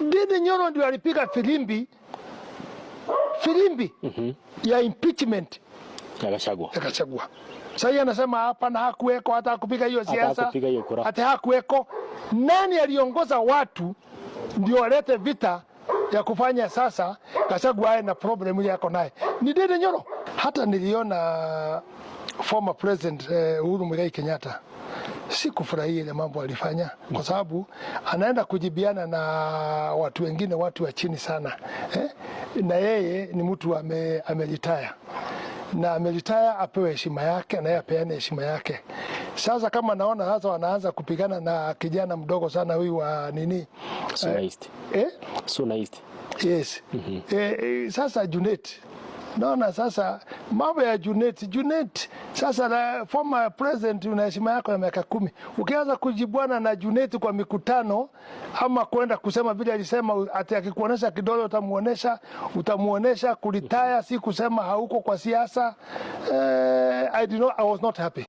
Ndindi Nyoro ndio alipiga filimbi filimbi mm -hmm. ya impeachment yakachagua Kachagua. Sasa anasema hapa na hakuweko hata hakupiga hiyo siasa hata hakuweko. Nani aliongoza watu ndio walete vita ya kufanya sasa Kachagua aye na problem ile yako naye ni Ndindi Nyoro. Hata niliona former president eh, Uhuru Muigai Kenyatta sikufurahia ile mambo alifanya, kwa sababu anaenda kujibiana na watu wengine, watu wa chini sana eh? na yeye ni mtu ame, amelitaya na amelitaya apewe heshima yake, na yeye apeane heshima yake. Sasa kama naona sasa wanaanza kupigana na kijana mdogo sana huyu wa nini, Suna East eh? Suna East eh? yes. mm -hmm. Eh, eh, sasa Junet naona sasa mambo ya Junet. Junet sasa na former president, una heshima yako ya miaka kumi. Ukianza kujibwana na Junet kwa mikutano ama kwenda kusema vile alisema, ati akikuonesha kidole utamuonesha, utamuonesha kulitaya, si kusema hauko kwa siasa. Uh, I, did not, I was not happy.